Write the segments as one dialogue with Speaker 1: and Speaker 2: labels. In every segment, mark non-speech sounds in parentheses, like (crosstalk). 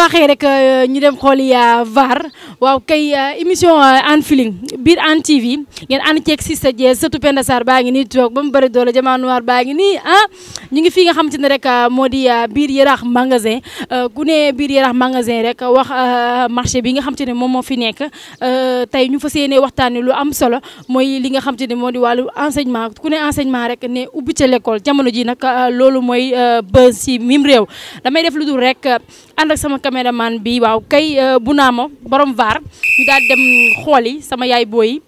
Speaker 1: baaxee rek euh, ñu dem xool xooli euh, VAR waaw kay euh, émission Hann Feeling biir Hann TV ngeen ànd ceeg Sista Dieng sëtu Penda Sarr baa ngi nii toog ba mu bëri doole jamaa noir baa ngi nii ah ñu ngi fi nga xamante ne rek moo di biir Yarax magasin ku biir Yarax magasin rek wax marché bi nga xamante ne moom moo fi nekk tey ñu fas yéene waxtaanee lu am solo mooy li nga xamante ne moo di wàllu enseignement ku ne enseignement rek ne ubbi ca l'école jamono ji nag loolu mooy bës si mim réew damay def lu dul rek. ànd ak sama caméraman bi waaw kay euh, bu naa ma borom vaar ñu daal dem xool yi sama yaay booy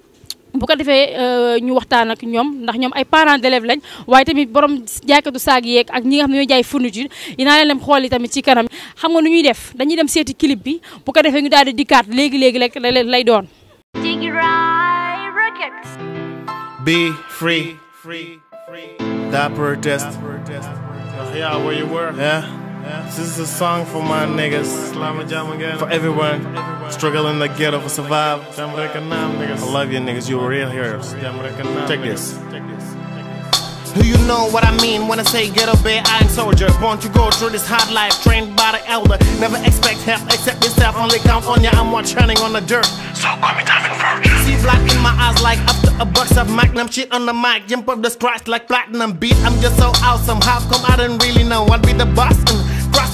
Speaker 1: bu ko defee euh, ñu waxtaan ak ñoom ndax ñoom ay parents d'élèves lañ waaye tamit borom jaaykatu saag yeeg ak ñi nga xam ne ñooy jaay fourniture dinaa leen lem xool yi tamit ci kanam xam nga nu ñuy def dañuy dem seeti clip bi bu ko defee ñu daal di dikkaat léegi léegi rek lay doon.
Speaker 2: Be free. That protest. Yeah, where This is a song for my niggas. For everyone struggling the ghetto for survive. I love you niggas. You real heroes. Check this. Do you know what I mean when I say get up I am soldier? Born to go through this hard life, trained by the elder. Never expect help except yourself. Only count on ya. I'm watch shining on the dirt. So call me Diamond Virgin. See black in my eyes like After a box of magnum shit on the mic. Jump up the scratch like platinum beat. I'm just so awesome. How come I didn't really know I'd be the boss?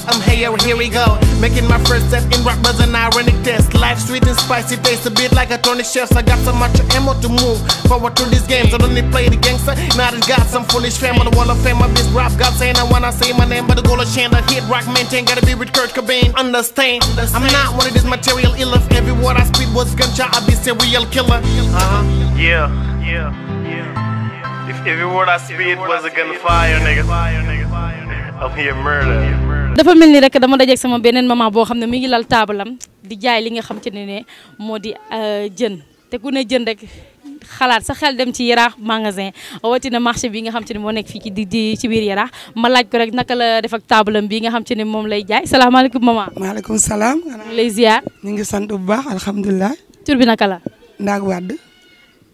Speaker 2: I'm hey, oh, here we go. Making my first step in rap was an ironic test. Life sweet and spicy, taste a bit like a Tony Chef's. I got so much ammo to move forward through these games. I don't need play the gangster, now I got some foolish fam on the wall of fame. My bitch rap God saying I wanna say my name, but the goal of chain hit rock maintain. Gotta be with Kurt Cobain. Understand? Understand. I'm not one of these material ill of every word I speak was gunshot. I be serial killer. Uh-huh. Yeah, yeah, yeah. If every word I speak was a gunfire, nigga. I'm here murder.
Speaker 1: dafa mel ni rek dama dajeeg sama beneen maman boo xam ne mu ngi lal taabalam di jaay li nga xam te ne ne moo di euh, jën te ku ne jën rek xalaat sa xel dem ci yaraax magasin rawatina marché bi nga xam te ne moo nekk fii ci di ci biir yaraax ma laaj ko rek naka la def taabalam bi nga xam te ne moom lay jaay salaamaaleykum maman. maaleykum salaam. lay mu ñu ngi sant bu baax alhamdulilah. tur bi naka la. Ndaag Wade.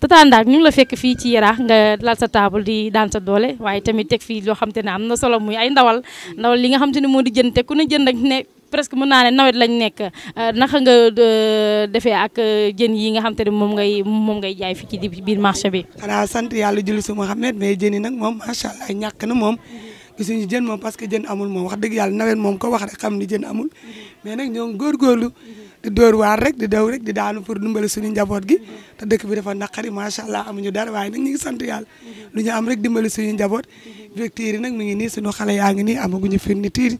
Speaker 1: Tata Ndack ñu la fekk fii ci yaraax nga lal sa table di daan sa doole waaye tamit teg fii loo xam te ne am na solo muy ay ndawal ndawal li nga xam te ne moo di jënd te ku ne jënd ak ne presque mën naa ne nawet lañ nekk euh, naka nga euh, defee ak euh, jën yi nga xam te ne moom ngay moom ngay jaay fii ci biir marché bi.
Speaker 3: xanaa sant yàlla julli su ma xam ne mais jën yi nag moom macha allah ñàkk na moom. gisuñu jën moom parce que jën amul moom wax dëgg yàlla nawet moom ko wax rek xam ni jën amul mm-hmm. mais nag ñoo ngi góorgóorlu mm-hmm. di dóor waar rek di daw rek di daanu pour dimbali suñu njaboot gi mm-hmm. te dëkk bi dafa naqari macha allah amuñu dara waaye nag ñu ngi sant yàlla mm-hmm. lu ñu am rek dimbali suñu njaboot vecteurs mm-hmm. yi nag mi ngi nii suñu xale yaa ngi nii amaguñu firnde tiir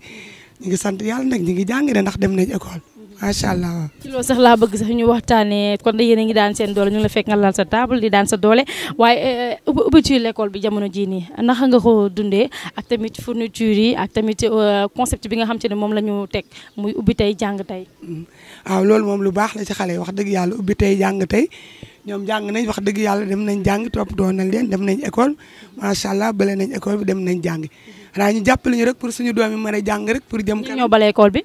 Speaker 3: ñu ngi sant yàlla nag ñu ngi jàng de ndax dem nañ école macha allah.
Speaker 1: ci loolu sax laa bëgg sax ñu waxtaanee kon yéen ngi daan seen doole ñu la fekk nga sa table di daan sa doole waaye eh, ubbi ci l'école bi jamono jii nii naka nga ko dundee ak tamit fourniture yi ak tamit euh, concept bi nga xam te ne moom la ñu teg muy ubbi tey jàng tey.
Speaker 3: Mm-hmm. waaw loolu moom lu baax la ci xale yi wax dëgg yàlla ubbi tey jàng ñoom jàng nañ wax dëgg yàlla dem nañ jàng doon nañ dem nañ école macha allah bale nañ école bi dem nañ jàng mm-hmm. xanaa ñu jàppale ñu rek pour suñu doom yi mën a jàng rek pour jëm. ñoo bale école bi.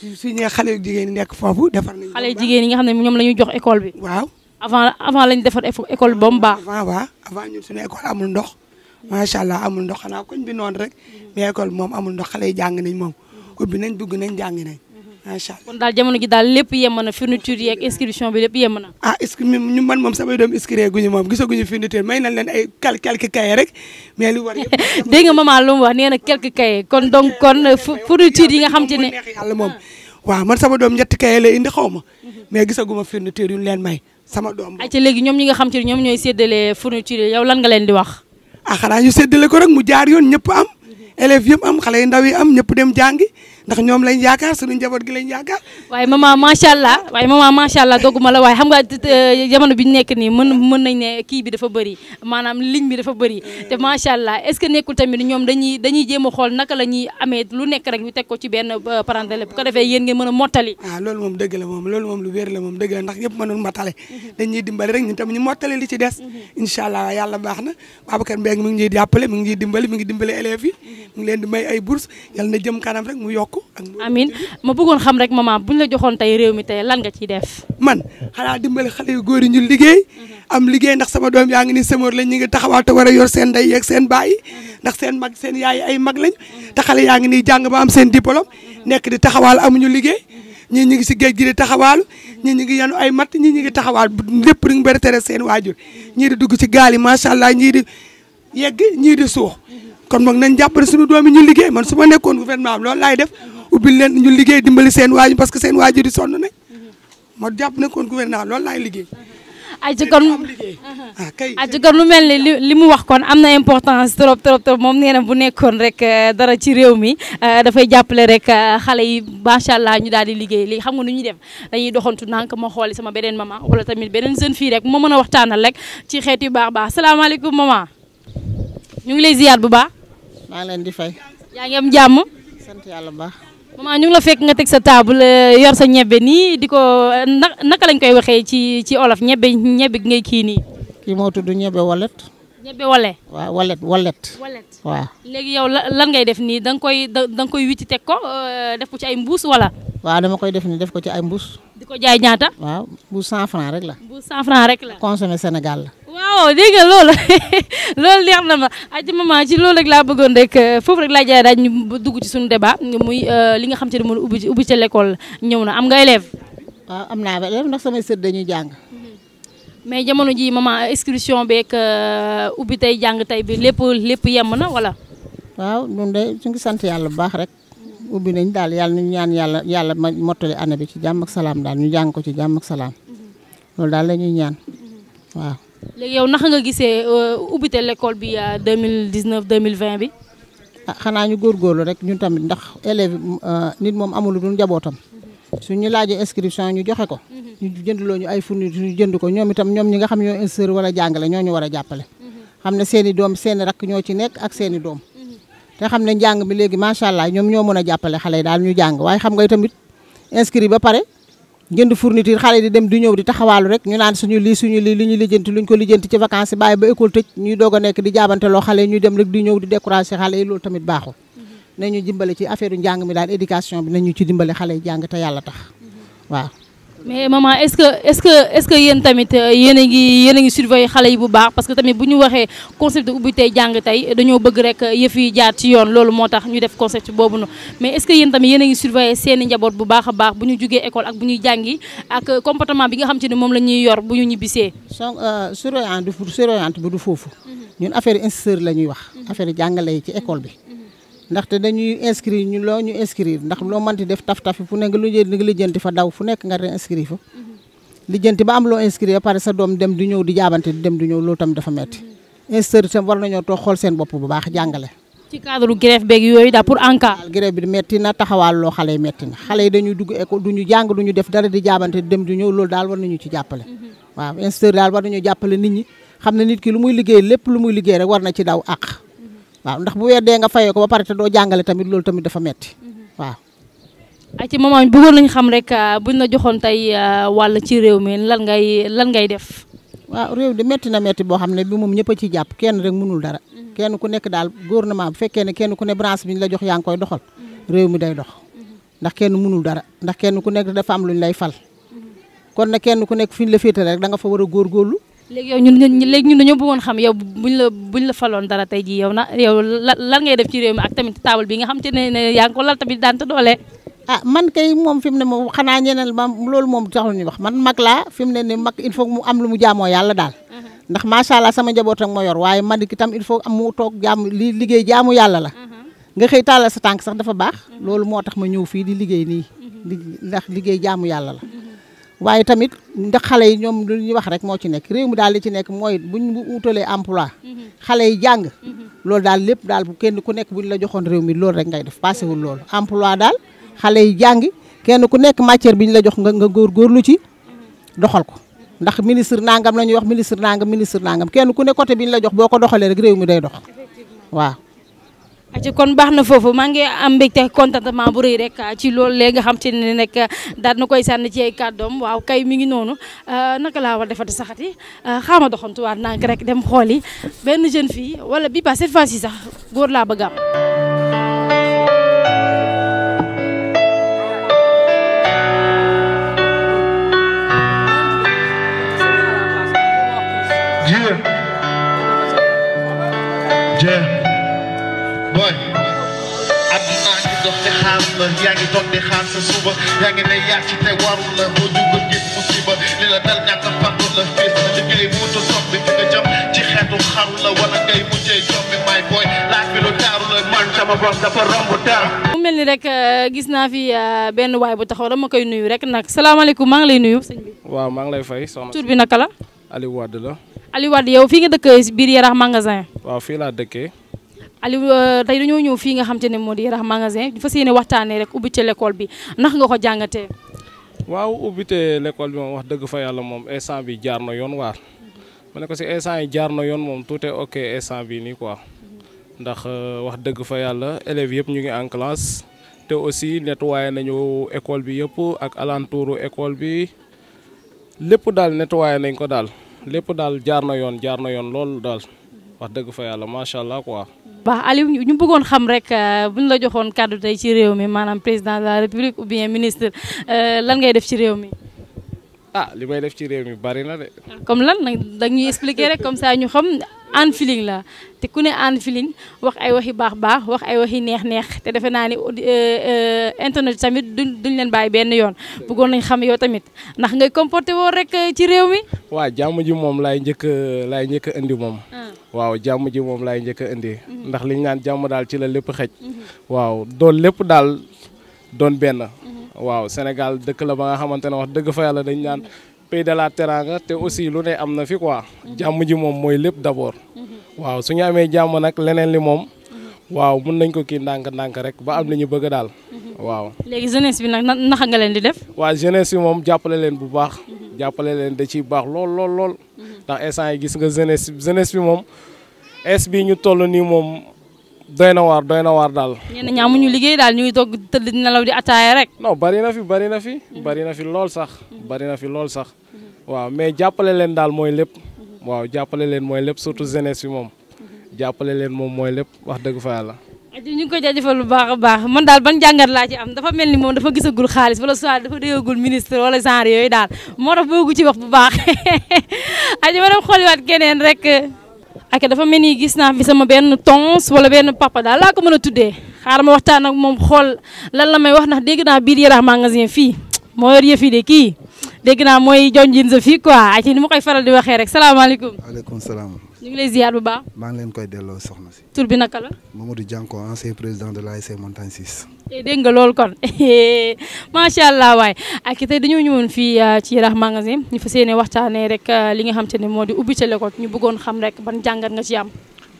Speaker 3: suñu xale yu jigéen ñi nekk foofu defar
Speaker 1: nañu. xale yu jigéen yi nga xam ne ñoom la ñuy jox école bi. waaw avant avant lañ defar école bi ba mu baax. avant waaw avant ñun suñu école amul ndox. macha allah amul ndox xanaa koñ bi noonu rek. Mm-hmm.
Speaker 3: mais école moom amul ndox xale yi jàng nañ moom. Mm-hmm. ubbi nañ dugg nañ jàng nañ. macha allah
Speaker 1: kon daal jamono ji daal lépp yem na fourniture inscription bi lépp yem na. ah
Speaker 3: est-ce que ñu man moom samay doom inscrire guñu moom gisaguñu fourniture may nañ leen ay cal quelques cahiers yi
Speaker 1: nga xam te ne. yàlla moom waaw man sama doom ñetti
Speaker 3: cahiers la indi xaw ma mais gisaguma fourniture yu ñu leen may sama doom.
Speaker 1: ayca léegi ñoom ñi nga xam te ne ñoom ñooy séddale fourniture yow lan nga leen di wax.
Speaker 3: ah xanaa ñu séddale ko rek mu jaar yoon ñëpp am élèves yëpp am xale yu ndaw yi am ñëpp dem jàngi ndax ñoom lañ yaakaar suñu njaboot gi lañ yaakaar
Speaker 1: waaye maman macha allah waaye maman macha allah dogguma la waaye xam nga jamono bi ñu nekk nii mën mën nañ ne kii bi dafa bëri maanaam ligne bi dafa bëri te macha allah est ce que nekkul tamit ñoom dañuy dañuy jéem xool naka la ñuy amee lu nekk rek ñu teg ko ci benn euh, parentèle bu ko defee yéen ngeen mën a mottali ah, lool moom
Speaker 3: dëgg la moom loolu moom lu wér la moom dëgg la ndax ñëpp mënul mottale dañuy dimbali rek ñun tam ñu mottali li ci des mhm. incha allah yàlla baax na Babacar Mbengue ngi ñuy mi ngi ñuy dimbali leen
Speaker 1: di may ay bourse jëm kanam rek mu yokk ko. amin ma bëggoon xam rek maman bu ñu la joxoon tey réew mi tey lan nga ciy def.
Speaker 3: man xanaa dimbale xale yu góor yi ñu liggéey. Mhm. am liggéey ndax sama doom yaa ngi ni sëmoor lañ ñu ngi taxawaa te war a yor seen ndey yeeg seen baay mhm. ndax seen mag seen yaay ay mag lañ. Mhm. ta xale yaa ngi ni jàng ba am seen diplôme. nekk di taxawaal ñu liggéey. ñii ñu ngi si géej gi di taxawaalu ñii ñu ngi yanu ay matt ñi ñu ngi taxawaal lépp di nga seen waajur ñii di dugg si gaal yi macha yegg ñi di suu kon moom nañ jàppale suñu doomi ñu liggéey man suma nekkon gouvernement lool lay def ubil leen ñu liggéey dimbali seen waji parce que seen waji di son nañ ma japp nekkon gouvernement loolu laay liggéey
Speaker 1: aji kon aji kon lu melni limu wax kon amna importance trop trop trop mom neena bu nekkon rek eh, dara ci rew mi eh, da fay jàppale rek eh, xalé yi ma sha allah ñu daali di liggéey léegi xam nga nu ñuy def dañuy doxantu nank ma xoli sama benen mama wala tamit benen jeune fille rek mo meuna waxtana rek ci xéet yu baax baax assalamu alaykum mama ñu ngi lay ziyaar bu baax. maa leen di fay. yaa am jàmm. sant yàlla bu baax. maman ñu la fekk nga teg sa taabul eh, yor sa ñebe nii di ko eh, naka lañ koy waxee ci ci olof ñebe ñebe ngay kii nii. kii moo tudd ñebe walet. ñebe wale. waaw walet walet. walet léegi yow lan ngay def nii da nga koy da nga koy witti teg ko eh, def ko ci ay mbuus wala.
Speaker 4: waaw dama koy def ni def ko ci ay mbuus. di ko jaay ñaata. waaw mbuus 100 francs rek la.
Speaker 1: mbuus 100 rek la.
Speaker 4: consommé Sénégal la.
Speaker 1: waaw dégg nga loolu (laughs) na ma aji maman ci loolu rek laa bëggoon rek euh, foofu rek laa jaay daaj ñu dugg ci suñu débat muy euh, li nga xam te ne moom ubbi ci ubbi ca lekkool ñëw na am nga élève waaw am naa élève ndax samay sët dañuy jàng. Mm-hmm. mais jamono ji maman excursion beeg euh, ubbi tey jàng tey bi lépp lépp yemb na wala. waaw ñun de
Speaker 4: ñu ngi sant yàlla bu baax rek. ubbi nañ daal yàlla ñu ñaan yàlla yàlla ma mottali année bi ci jàmm ak salaam daal ñu jàng ko ci jàmm ak salaam
Speaker 1: mm-hmm.
Speaker 4: loolu daal la ñuy ñaan mm-hmm. waaw.
Speaker 1: léegi yow naka nga gisee euh, ubbite lekkool bi 2019 euh, 2020 bi. ah xanaa ñu
Speaker 4: góorlu rek ñun tamit ndax élèves euh, nit moom amul lu dul njabootam mm-hmm. su ñu laajee inscription ñu joxe ko. ñu jëndloo ñu ay fourniture ñu jënd ko ñoom itam ñoom ñi nga xam ñoo instruire wala jàngale ñoo ñu war a jàppale. xam ne seen i doom seen ñoo ci nekk ak doom. te xam ne njàng mi léegi macha allah ñoom ñoo mën a jàppale xale yi daal ñu jàng waaye xam nga tamit inscrit ba pare jënd fourniture xale di dem di ñëw di taxawaalu rek ñu naan suñu lii suñu lii li ñu lijjanti luñ ko lijjanti ci vacances yi bàyyi ba école tëj ñuy doog nekk di jaabanteloo xale yi ñu dem rek di ñëw di découragé xale yi loolu tamit baaxul mm-hmm. nañu dimbale ci affaire njàng mi daal éducation bi nañu ci dimbale xale yi jàng te yàlla tax mm-hmm.
Speaker 1: waaw mais maman est-ce que est-ce que est-ce que yéen tamit euh, yéen a ngi yéen a ngi surveiller xale yi bu baax parce que tamit bu ñu waxee concept ubbi tey jàng tey dañoo bëgg rek euh, yëf jaar ci yoon loolu moo tax ñu def concept boobu noonu mais est-ce que yéen tamit yéen ngi surveiller seeni njaboot bu baax a baax bu ñu jugee école ak bu ñuy jàngi ak euh, comportement bi nga xam te ne moom lañuy yor bu ñu ñibbisee. son surveillante
Speaker 4: surveillante bu du foofu. Mhm. ñun affaire instituteur la ñuy wax. Mhm. affaire jàngale yi ci école bi. Mhm. ndaxte dañuy inscrire ñu loo ñu inscrire ndax loo mënti def taf tafi fu nekk lu nga lijjanti fa daw fu nekk nga réinscrire fa mhm. lijjanti ba am loo inscrire pare sa doom dem di ñëw di jaabante di dem di ñëw loolu tam dafa metti mhm. institeurs itam war nañoo toog xool seen bopp bu baax jàngale
Speaker 1: ci cadre grève beeg
Speaker 4: yooyu daal pour en cas grève bi metti na taxawaal loo xale yi metti na xale yi dañuy dugg eko du ñu jàng du ñu def dara di jaabante di dem di ñëw loolu daal war nañu ci jàppale mhm. waaw institeurs daal war nañu jàppale nit ñi xam ne nit ki lu muy liggéey lépp lu muy liggéey rek war na ci daw àq waaw ndax bu weer dee nga fayee ko ba pare te doo jàngale tamit loolu tamit dafa metti mhm. waaw.
Speaker 1: ay ci bu bëggoon nañu xam rek ah, buñ la joxoon tey ah, wàll ci réew mi lan ngay lan ngay def. waaw réew di metti na metti boo
Speaker 4: xam ne bi moom ñëpp a ci jàpp kenn rek mënul dara. Mhm. kenn ku nekk daal góor gouvernement bu fekkee ne kenn ku ne branche bi ñu la jox yaa koy doxal. Mhm. réew mi day dox. ndax kenn mënul dara ndax kenn ku nekk dafa am lu lay fal. kon na kenn ku nekk fi ñu la féetale rek da nga fa war a góorgóorlu
Speaker 1: léegi yow ñun léegi ñun dañoo bëggoon xam yow buñ la buñ la faloon dara tey jii yow na yow lan ngay def ci ak tamit table bi nga xam ne ne yaa ngi ko lal daan te doole. ah man kay moom fi mu ne moom xanaa ñeneen ma
Speaker 4: loolu moom taxul ñu wax man mag laa fi mu ne nii mag il faut mu am lu mu jaamoo yàlla daal. Uh-huh. ndax macha allah sama njaboot ak ma yor waaye man itam il faut am mu toog jaamu li liggéey jaamu yàlla la. Uh-huh. nga xëy tàllal sa tànk sax dafa baax. Uh-huh. loolu moo tax ma ñëw fii di liggéey nii. ndax liggéey jaamu yàlla la. waaye tamit ndax xale yi ñoom lu ñuy wax rek moo ci nekk réew mi daal li ci nekk mooy buñ bu utalee emploi mm-hmm. xale yi jàng mm-hmm. loolu daal lépp daal bu kenn ku nekk buñ la joxoon réew mi loolu rek ngay def passé wul loolu emploi daal xale yi jàng kenn ku nekk matière bi ñu la jox nga nga góor góorgóorlu ci mm-hmm. doxal ko ndax ministre nangam la ñuy wax ministre nangam ministre nangam kenn ku ne côté bi ñu la jox boo ko doxalee rek réew mi day dox waa
Speaker 1: ci kon baax na foofu maa ngi am mbégte contentement bu rëy rek ci loolu léegi nga xam te ne nag daal na koy sànni ci ay kàddoom waaw kay mi ngi noonu euh, naka laa war defati saxat yi euh, xaama doxantuwaat naa rek dem xool yi benn jeune fille wala bi pas cette fois ci sax góor laa bëgg am
Speaker 2: Yeah. xaas ci te waru la ngay mujjee jommi may booy laaj bi lu taaru la man sama dafa
Speaker 1: romb dara. mu mel ni rek euh, gis naa fi euh, benn waay bu taxaw ma koy nuyu rek nag salaamaaleykum maa ngi lay nuyu sëñ
Speaker 5: maa ngi lay fay soxna tur bi naka la. Aliou la.
Speaker 1: Aliou yow fii nga dëkk biir Yarax magasin.
Speaker 5: waaw fii laa dëkkee.
Speaker 1: Aliou euh, tey dañoo ñëw fii nga xam te ne moo di Yarax magasin di fas yéene waxtaanee rek ubbite l'école bi ndax nga ko jàngatee.
Speaker 5: waaw ubbite lekol bi moom wax dëgg fa yàlla moom instant bi jaar na yoon waar. ma ne ko si instant yi jaar na yoon moom tout ok instant bi nii quoi. ndax euh, wax dëgg fa yàlla élèves yëpp ñu ngi en classe. te aussi nettoyé nañu école bi yëpp ak alentouru école bi lépp daal nettoyé nañ ko daal lépp daal jaar na yoon jaar na yoon loolu daal wax dëgg fa yàlla allah quoi.
Speaker 1: Ba Aliou ñu bëggoon xam rek euh, bu ñu la joxoon kàddu tey ci réew mi maanaam président de la république ou bien ministre euh, lan ngay def ci réew mi.
Speaker 5: ah li may def ci réew mi bari na de.
Speaker 1: comme lan nag dañuy expliquer rek comme ça ñu xam Hann Feeling la te ku ne Hann Feeling wax ay waxi baax baax wax ay waxi neex-neex te defe naa ni euh, euh, internet tamit duñ duñ leen bàyyi benn yoon bëggoon nañ xam yow tamit ndax ngay comporté woo rek euh, ci réew mi.
Speaker 5: waaw jàmm ji moom laay njëkk laay njëkk indi moom. Ah. waaw jàmm ji moom laay njëkk a indi. Mhm. ndax liñ naan jàmm daal ci la lépp xëj. Mhm. waaw doon lépp daal doon benn. Mhm. waaw Sénégal dëkk la ba nga xamante ne wax dëgg fa yàlla dañ naan. pays de la Teranga te aussi lu ne am na fi quoi jàmm ji moom mooy lépp d'abord waaw su ñu amee jàmm nag leneen li moom waaw mën nañ ko kii ndànk-ndànk rek ba am li ñu bëgg daal waaw.
Speaker 1: léegi jeunesse bi nag naka nga leen di def.
Speaker 5: waa jeunesse bi moom jàppale leen bu baax. jàppale leen da ciy baax lool lool lool. ndax instant yi gis nga jeunesse jeunesse bi moom es bi ñu toll nii moom. doy na waar doy na waar daal.
Speaker 1: ñenn ñi ñu liggéey daal ñu ngi toog tëdd nelaw di ataaya rek. non bari na fi bari na fi. bari na fi lool
Speaker 5: sax. bari na fi lool sax. waaw mais jàppale leen daal mooy lépp. waaw jàppale leen mooy lépp surtout jeunesse moom. jàppale leen moom mooy lépp wax dëgg la yàlla.
Speaker 1: ñu ngi ko jaajëfal lu baax a baax man daal ban jàngat laa ci am dafa mel ni moom dafa gisagul xaalis wala soit dafa déggagul ministre wala genre yooyu daal moo tax bëggu ci wax bu baax (laughs) aji ma dem xooliwaat keneen rek. ak dafa mel ni gis naa fi sama benn tons wala benn papa daal laa ko mën a tuddee xaaral ma waxtaan ak moom xool lan la may wax ndax dégg naa biir Yarakh magasin fii moo yor de ki deg na moy jonjin sa fi quoi ay ci ni ma koy faral di waxe rek salam salaamaaleykum.
Speaker 6: alaykum salam
Speaker 1: ñu ngi lay ziar bu baax.
Speaker 6: ma ngi len koy delo soxna ci tour bi nakala Mamadou Dianko ancien président de l'ASC Montagne 6.
Speaker 1: e deg nga lol kon (laughs) ma sha allah way ak tey dañoo ñëwoon fi euh, ci rah Magazine ñu fas yéene waxtaanee rek euh, li nga xam tane modi moo ci le ko ñu bëggoon xam rek ban jangat nga ci am.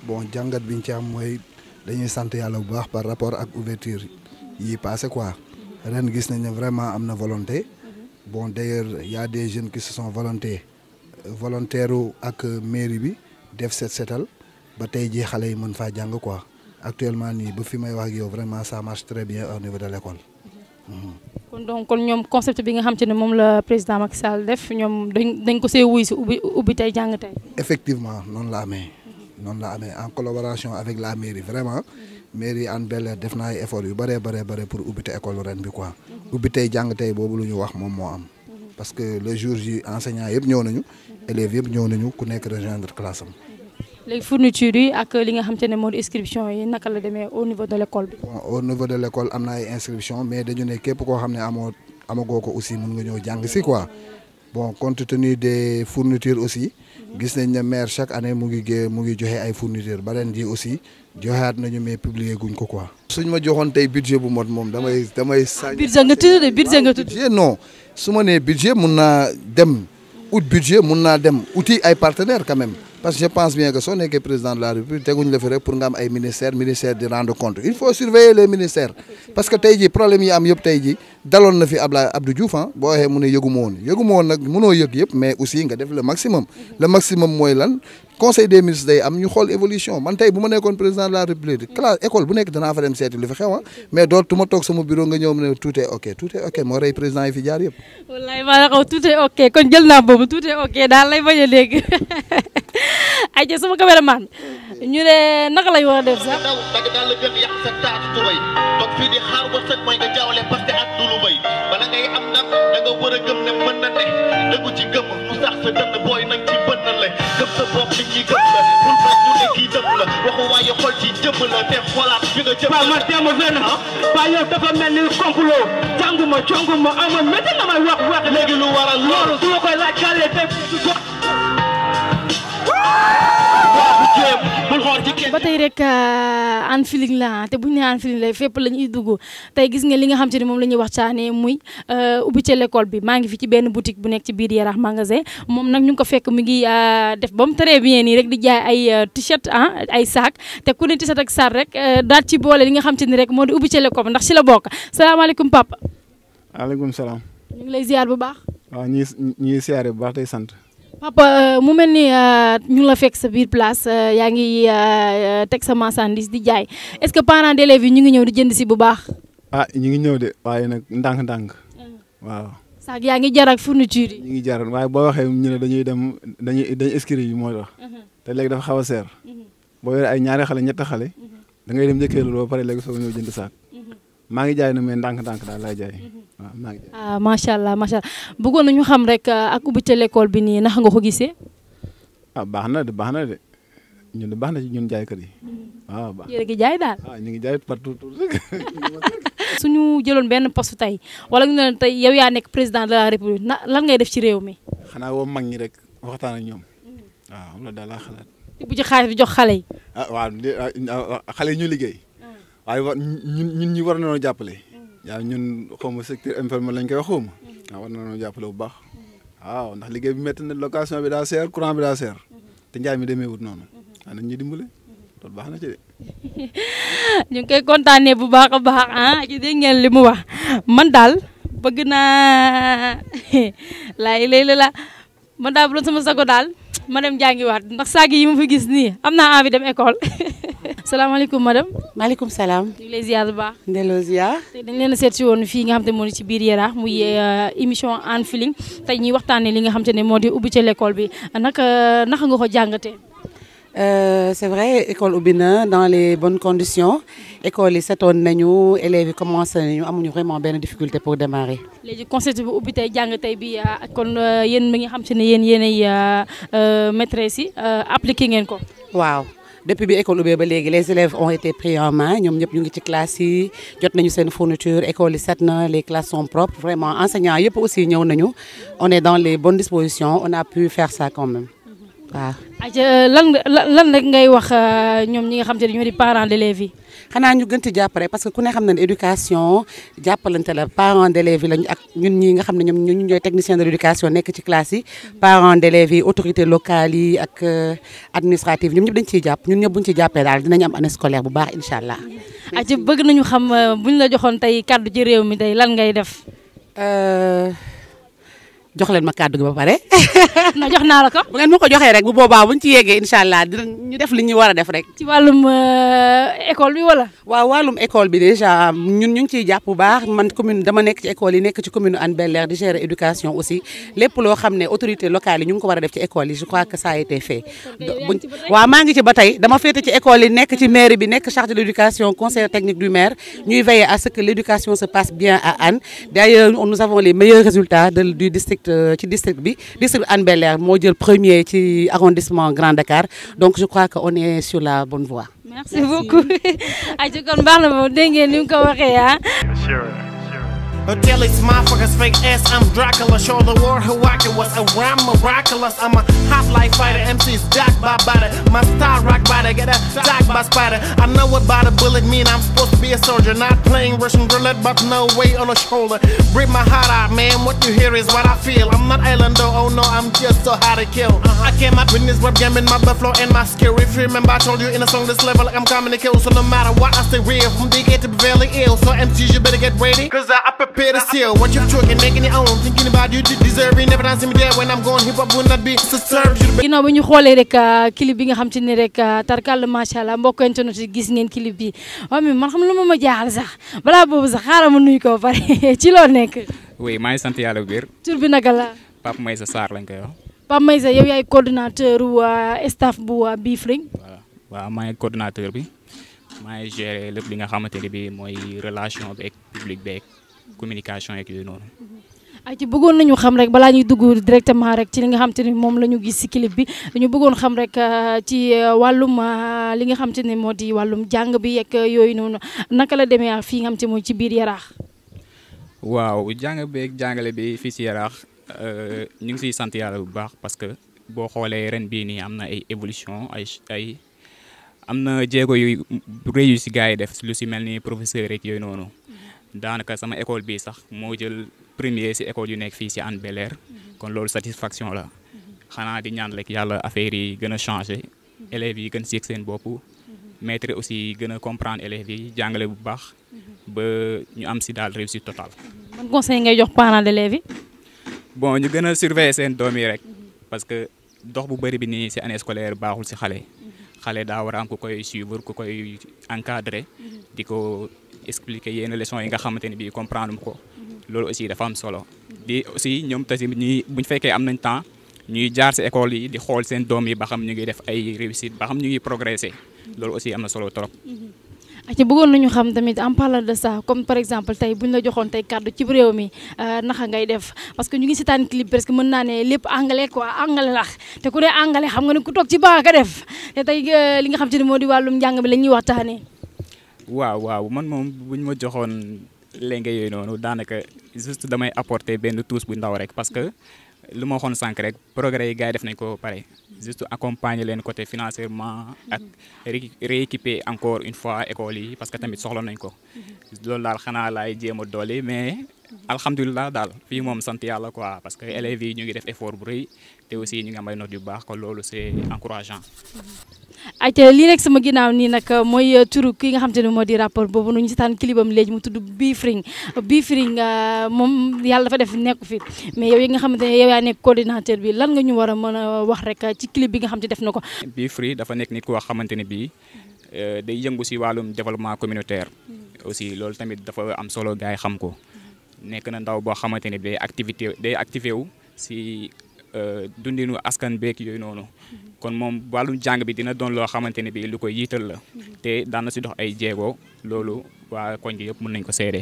Speaker 6: bon jangat biñ ci am moy dañuy sante yalla bu baax par rapport ak ouverture yi passé quoi. ren gis nañ vraiment amna volonté bon d'ailleurs il y a des jeunes qui se sont volontés volontaires ak mairie bi def set setal ba tay ji xalé yi mën fa jang quoi actuellement ni bu fi may wax ak yow vraiment ça marche très bien au niveau de l'école.
Speaker 1: Mhm. kon donc kon ñom concept bi nga xam ci ne mom la président Macky Sall def ñom dañ ko sé wuy si ubbi ubbi tey
Speaker 6: effectivement non la amee. non la amee en collaboration avec la mairie vraiment mairie Hann Bel-Air def na ay effort yu bare bare bare pour ubité école ren bi quoi ubité jang tay bobu luñu wax mom mo am parce que le jour ji enseignant yeb ñëw nañu élève yeb ñëw nañu ku nekk rejoindre classe am.
Speaker 1: léegi fourniture yi ak li nga xam te ne inscription yi naka la au niveau de l'école bi. bon
Speaker 6: au niveau de l'école école am na ay inscription mais dañu ne képp ko xamné ne amoo ko aussi mën nga ñëw jang ci quoi bon compte tenu des fournitures aussi gis nañ ne maire chaque année mu ngi gée mu ngi joxé ay fournitures balen di aussi joxaat nañu mais publier guñ ko quoi. suñ ma joxoon tay budget bu mot mom damay damay. sañ ah, budget nga tudd de budget nga ah, budget non suma né budget mun naa dem out budget mun naa dem uti ay partenaires quand même parce que je pense bien que soo nekkee président de la république téguñ la fi rek pour nga am ay ministère ministère de rendre compte il faut surveiller les ministères. parce que tay ji problème yi am yëpp tay ji dalon na fi Ablaye Abdou Diouf hein ah. bo waxee mu ne yëgu won woon yëgu ma woon nag yëg mais aussi nga def le maximum. le maximum moy lan conseil des ministres day am ñu xol évolution man tay buma ma président de la république classe école bu nekk dana fa dem séti li fi xew ah mais dootuma tok sama bureau nga ñëw ne tout est ok tout est ok mo ray président yi fi jaar yépp
Speaker 1: wallahi maa la xaw tout est ok kon jël naa boobu tout est ok daal lay bañe a dégg ayca (laughs) sama cameraman ñu né naka lañ war def sax. daw
Speaker 2: dagg daal la bépp yàq sa taatu tubay toog fii di xaar wërsëg moy nga jawlé parce que ak du lu bay bala ngay am nak da nga wara gëm né mën na ne dëggu ci gëm mu sax sa dënn boy nag ci na la gëm sa bopp nit ñi gëm la bul bañ ñu ne kii dëpp la waxu waaye xol ci jëm la te xolaat bi nga jëm la. waaw man teemu
Speaker 3: fenn waaye ah? yow dafa mel ni complot jànguma jonguma amoon métti nga may wax wax.
Speaker 1: léegi lu waral loolu su ma koy laaj kàlle te ba tey rek Hann euh, Feeling la te bu ñu nee Hann Feeling la fépp la ñuy dugg tey gis nga li nga xam te ne moom la ñuy waxtaanee muy euh, ubbi ca l'école bi maa ngi fi ci benn boutique bu nekk ci biir Yarax magasin moom nag ñu ngi ko fekk mu ngi euh, def ba mu très bien nii rek di jaay ay t-shirt ah ay saak te ku ne t-shirt ak sar rek daal ci boole li nga xam te ni rek moo di ubbi ca l'école ndax si la bokk salaamaaleykum papa.
Speaker 7: waaleykum salaam.
Speaker 1: ñu ngi bu baax.
Speaker 7: waaw ñuy ñuy bu baax tey sant.
Speaker 1: papa euh, mu mel ni euh, ñu la fekk sa biir place euh, yaa ngi teg sa marchandise di jaay est-ce que parents d'élèves yi ñu ngi ñëw di jënd si bu baax.
Speaker 7: ah ñu ngi ñëw de waaye nag ndànk-ndànk. Mm. waaw. sax yaa ngi jar ak fourniture yi. ñu ngi jar waaye boo waxee ñu ne dañuy dem dañuy dañuy inscrire yi moo tax. Mm-hmm. te léegi dafa xaw a seer. Mm-hmm. boo yoree ay ñaari xale ñetti xale. Mm-hmm. da ngay dem njëkkee loolu ba pare léegi soo ñëw jënd saak. maa ngi jaay na mais ndànk-ndànk daal laay jaay mm-hmm.
Speaker 1: waaw maa ah, macha allah macha allah bëggoon nañu xam rek ah, ak ubbite l'école bi nii naka nga ko gisee.
Speaker 7: ah baax na de baax na de ñun de baax na ci ñun jaaykat yi. waaw mm-hmm. ah, baax yéen a ngi jaay daal. ñu ngi jaay partout (laughs)
Speaker 1: (laughs) suñu jëloon benn poste tey wala ñu ne tey yow yaa nekk président de la république na lan ngay def ci réew mi.
Speaker 7: xanaa woo mag ñi rek waxtaan ak ñoom. Mm-hmm. waaw loolu daal laa xalaat. bu ci
Speaker 1: xaalis bi jox xale yi.
Speaker 7: ah xale yi ñu liggéey. waaye war ñun ñun ñi war nañoo jàppale. yaa mm-hmm. ñun xaw ma secteur informel lañ koy wax xaw mm-hmm. jàppale bu baax. Mm-hmm. waaw ndax liggéey bi métti na location bi daa seer courant bi daa seer. te njaay mi demee wut noonu. waaw nañ ñuy dimbale. loolu baax na ci de.
Speaker 1: (laughs) ñu ngi koy kontaanee bu baax a baax ah ngeen li mu wax man daal bëgg naa laay léegi la man daal bu doon sama daal ma dem jàngiwaat ndax saag yi ma fi gis nii am naa envie dem école. (laughs) salaamaaleykum madame. maaleykum salaam. ñu ngi lay ziar ba baax.
Speaker 8: delloo ziar.
Speaker 1: tey dañ leen a seet si woon fii nga xam te ne moo ci biir Yaraax muy euh, émission en Feeling tey ñuy waxtaanee li nga xam te ne moo di ubbi ci l'école bi naka naka nga ko jàngatee.
Speaker 8: Euh, c'est vrai école Ubina dans les bonnes conditions école yi setoon nañu élèves yi commencé nañu amuñu vraiment benn difficulté pour démarrer.
Speaker 1: léegi concept bu ubbi tey jàng tey bi euh, ak kon yéen mi nga xam te ne yéen yéenay maîtresse yi appliqué ngeen ko.
Speaker 8: waaw depuis l'école, les élèves ont été pris en main ils ont ñu ngi classe yi jot une fourniture l'école est les classes sont propres vraiment enseignants aussi on est dans les bonnes dispositions on a pu faire ça quand même waaw.
Speaker 1: ayca lan
Speaker 8: lan rek ngay wax euh, ñoom ñi nga xam te ne ñoo di parents d'élèves yi. xanaa ñu gën ci jàppale parce que ku ne xam na ne éducation jàppalante la parents d'élèves yi lañu ak ñun ñi nga xam ne ñoom ñun ñooy technicien de l'éducation nekk ci classe yi. parents d'élèves yi autorités locales yi ak euh, administratives ñoom ñëpp dañ ciy jàpp ñun ñëpp buñ ci jàppee daal dinañ am année scolaire bu baax incha allah.
Speaker 1: ayca bëgg nañu xam euh, buñ la joxoon tey kàddu ci réew mi tey lan ngay def.
Speaker 8: joxlen ma cadre ba pare. na (laughs) jox naa la ko. bu ngeen ma ko rek bu boba buñ ci yégué inshallah ñu def li ñu wara def rek. ci walum euh, école bi wala. wa walum école bi déjà ñun ñu ngi ciy jàpp bu baax man commune dama nek ci école yi nek ci commune Hann belair air di gérer éducation aussi lepp lo xamné autorité locale yi ñu ko wara def ci école yi je crois que ça a été fait. wa ma ngi ci batay dama fété ci école yi nek ci mairie bi nek chargé de l' conseil technique du maire ñuy veiller à ce que l'éducation se passe bien à Anne d'ailleurs ailleurs nous avons les meilleurs résultats de, du district ci district bi district Hann bel premier ci arrondissement Grand Dakar donc je crois que on est sur la bonne voie.
Speaker 1: merci beaucoup. aji (laughs) kon baax na moom dégg ngeen
Speaker 8: ni ko ah. euh,
Speaker 2: Until these motherfuckers fake ass, I'm Dracula. Show the world who I can was rhyme miraculous. I'm a hot life fighter, MC's doc by body. My style rock body, get a doc by spider. I know what body bullet mean, I'm supposed to be a soldier. Not playing Russian roulette, but no way on a shoulder. Breathe my heart out, man. What you hear is what I feel. I'm not though, oh no, I'm just so hard to kill. I came up in this web game in my flow and my skill. If you remember, I told you in a song this level, like I'm coming to kill. So no matter what, I stay real. From DK to Beverly Ill. So MCs, you better get ready. Cause I, I prepare better still seal. What you talking, making it own, thinking about you deserve it Never dancing me there when I'm going hip hop will not be so served.
Speaker 1: Ginnaaw you ñu xoolee rek clip bi nga xam te ne rek tarkal macha allah mbokk internet yi gis ngeen clip bi waaw oh, mais man xam lu ma ma jaaxal sax balaa boobu sax xaaral ma nuyu ko pare (laughs) ci loo nekk.
Speaker 9: oui maa ngi sant yàlla bu wér.
Speaker 1: tur bi naka la.
Speaker 9: Pape Maïssa Sarr lañ koy wax.
Speaker 1: Pape Maïssa yow yaay coordonnateur wu euh, staff bu euh, Befring. voilà
Speaker 9: waaw maa ngi coordonnateur bi maa ngi gérer lépp li nga xamante ne bii mooy relation beeg public beeg. communication yeeg yooyu noonu.
Speaker 1: ay ci bëggoon nañu xam rek bala ñuy dugg directement rek ci li nga xam te ni moom gis ci clip bi dañu bëggoon xam rek euh, ci euh, walum euh, li nga xam bi yeeg yoy noonu naka la démé fi nga xam Wow, mooy ci biir yarax
Speaker 9: waaw bi ak jangale bi fii si yaraax ñu ngi ci sante yalla bu baax parce que bo xolé ren bi ni amna ay évolution ay ay. amna yu réyu si gars def lu ci mel professeur rek yooyu daanaka sama école bii sax moo jël premier si école yu nekk fii si Hann beleer mhm. kon loolu satisfaction la mhm. xanaa di ñaan rek yàlla affaire yi gën a changé mhm. élèves yi gën si seen bopp maître aussi gën a comprendre élèves yi jàngale bu baax ba ñu am si daal réussite totale.
Speaker 1: man conseil ngay jox parents d'élèves yi.
Speaker 9: bon ñu gën a surveiller seen doom yi rek parce que dox bu bëri bi nii si année scolaire baaxul si xale xale daa war a am ku koy suivre ku koy encadrer di ko. expliquer yenn leçon yi nga xamanteni bi comprendre mu ko lolu aussi dafa am solo di aussi ñom tamit ñi buñ fekke am nañ temps ñuy jaar ci école yi di xol seen dom yi ba xam ñu ngi def ay réussite ba xam ñu ngi progresser lolu aussi am solo trop
Speaker 1: mm-hmm. ci bëggoon nañu xam tamit en parlant de ça comme par exemple tay buñ la joxoon tay cadeau ci réew mi euh, naka ngay def parce que ñu ngi seetaan clip presque mën na né lepp anglais quoi anglais la té ku né anglais xam nga ne ku tok ci baax ka def té tay euh, li nga xam ci modi walum jang bi lañuy
Speaker 9: waaw waaw man moom buñ ma joxoon juste damay apporter benn tous bu ndaw parce que lu ma waxoon rek progrès yi gars def nañ ko pare juste accompagner côté financièrement ak rééquiper encore une fois école parce que tamit soxla nañ ko mhm. mais. alhamdulilah daal fii moom sant yàlla quoi parce que élèves yi ñu ngi def effort bu rëy te aussi ñu ngi am ay notes yu baax kon loolu c'est encourageant.
Speaker 1: ayca lii rek sama ginnaaw nii nag mooy turu ki nga xam te ne moo di rapport boobu nu ñu seetaan kilibam léegi mu tudd Bifring Bifring euh, moom yàlla dafa def nekk fi mais yow yi nga xamante ne yow yaa nekk coordinateur bi lan nga ñu war a mën a wax rek ci clip bi nga xam te def na ko.
Speaker 9: Bifring dafa nekk nit koo xamante ne bii euh, day yëngu si wàllum développement communautaire. Mm. aussi loolu tamit dafa am solo gars yi xam ko. nekk na ndaw boo xamante ne day activité day activé wu si euh, dundinu askan beek yooyu noonu kon moom wàllum jàng bi dina doon loo xamante ne bi lu koy yiital la te daana si dox ay jéego loolu waa koñ bi yëpp mën nañ ko seede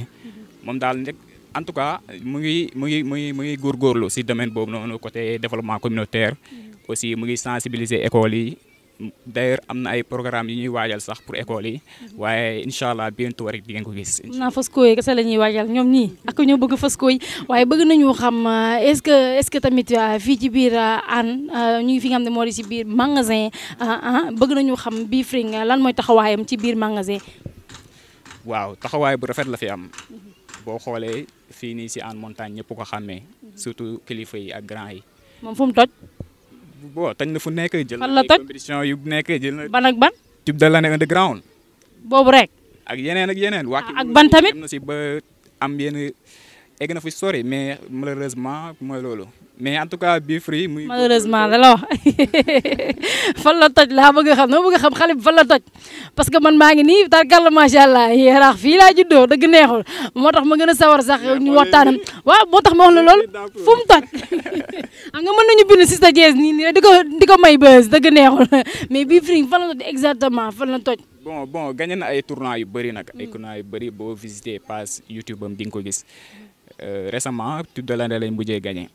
Speaker 9: moom daal rek en tout cas mu ngi mu ngi mu ngi mu ngi góorgóorlu si domaine boobu noonu côté développement communautaire aussi mu ngi sensibiliser école yi d'ailleurs am na ay programme yu ñuy waajal sax pour école yi waaye incha allah bientôt rek di ngeen ko gis.
Speaker 1: naa Fosco yi kese la ñuy waajal ñoom ñii ak ñoo bëgg Fosco yi waaye bëgg nañu xam euh, est-ce que est-ce que tamit euh, fii ci biir euh, an ñu ngi fi nga xam ne moo di si biir magasin bëgg nañu xam bii Fring lan mooy taxawaayam ci biir magasin.
Speaker 9: waaw taxawaay bu rafet la fi am boo xoolee fii nii si en montagne ñëpp ko xàmmee surtout kilifa yi ak grand yi. moom fu toj. bon tañ na fu nekk jël. a la toj compétition yu nekk jël na. ban ak ban. tube de l'année underground. boobu rek. ak yeneen ak yeneen. Ah, ak ban tamit egg na fu sori mais malheureusement mooy loolo mais en tout cas bii fruit muy malheureusement
Speaker 1: la wax (laughs) fan la toj laa bëgg a xam noo bëgg a xam xale bi fan la toj parce que man maa ngi nii tarkalla macha allah yaraax fii laa juddoo dëgg neexul moo tax ma gën a sawar sax ñu waxtaanam waaw moo tax ma wax la loolu fu mu toj (laughs) nga mën nañu bind si sa jees nii nii di ko di ko may bës dëgg neexul (laughs) mais bii fruit fan la toj exactement fan la toj
Speaker 9: bon bon gagné na ay tournois yu bëri nag ay mm. tournois yu bëri boo visité page YouTube am di nga ko gis Euh, récemment tube de l'année lañ mujjee gagné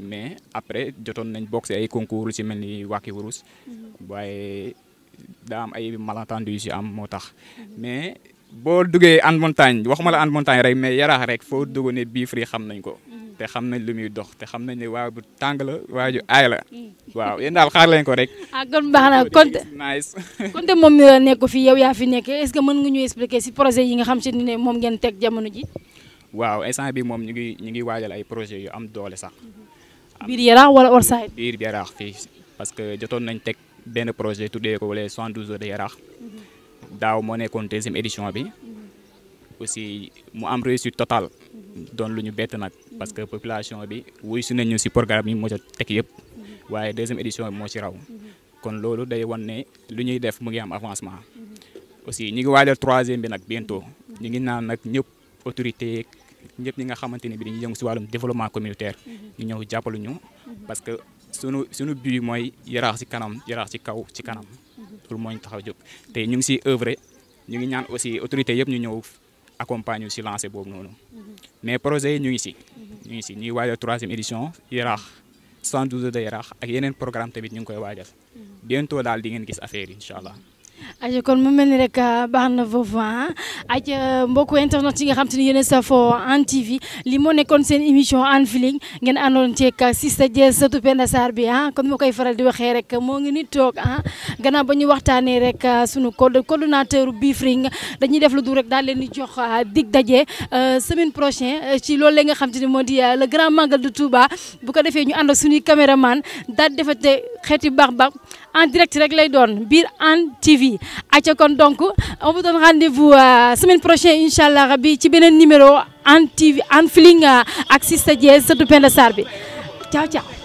Speaker 9: mais après jotoon nañ bokk si ay concours lu si mel ni Wacky Wurus waaye daa am ay malentendu yu si am moo tax mais boo duggee en montagne waxuma la en montagne rek mais yaraax rek foo dugg ne bii fri xam nañ ko te xam nañ lu muy dox te xam nañ ne waa bu tàng la waa ju aay la waaw yéen daal xaar leen ko rek.
Speaker 1: ah kon baax na Konté Konté (laughs) moom mi euh, nekk fi yow yaa fi nekkee est-ce que mën nga ñu expliquer ci projet yi nga xam si ne moom ngeen teg jamono ji.
Speaker 9: waaw instant bi moom ñu ngi ñu ngi waajal ay projet yu am doole sax.
Speaker 1: biir yaraax wala or Orsay.
Speaker 9: biir yaraax fii parce que jotoon nañ teg benn projet tuddee ko les 72 heures de yaraax. daaw moo nekkoon deuxième édition bi. aussi mu am réussite totale. doon lu ñu bett nag. parce que population bi wuy si ñu si programme yi moo ca teg yëpp. waaye deuxième édition bi moo ci raw. kon loolu day wan ne lu ñuy def mu ngi am avancement. aussi ñu ngi waajal troisième bi nag bientôt. ñu ngi naan nag ñëpp autorité ñëpp ñi nga xamante ne bi dañuy yëngu si wàllum développement communautaire ñu ñëw jàppalu ñu parce que sunu sunu but mooy yaraax si kanam yaraax ci kaw ci kanam loolu moo ñu jóg te ñu ngi si œuvre ñu ngi ñaan aussi autorité yëpp ñu ñëw accompagne si lancé boobu noonu mais projet yi ñu ngi si ñu ngi si ñuy waajal troisième édition yaraax 112 de yaraax ak yeneen programme tamit ñu ngi koy waajal bientôt daal di ngeen gis
Speaker 1: affaire yi allah aja kon mu mel ni rek ah, baax na foofu ah aja mbokku internet yi nga xam te ni yéen a safoo Hann TV li moo nekkoon seen émission Hann Feeling ngeen àndoon ceeg ah, Sista sa sëtu Penda Sarr bi ah kon moo koy faral di waxee rek moo ngi ni toog ah gannaaw ba ñu waxtaanee rek ah, sunu coordonnateur nga dañuy def lu du rek daal leen di jox dig daje euh, semaine prochaine euh, ci loolu la nga xam te ni moo di euh, la grand magal de Touba bu ko defee ñu ànd ak suñuy caméraman daal di defate xeeti baax baax. en direct rek lay doon bir en TV acca kon donc on vous donne rendez-vous euh, semaine prochaine Inch'Allah, rabbi rabi ci benen numéro en TV en fling euh, ak Sista Diez sëtu Penda Sarbe. ciao ciao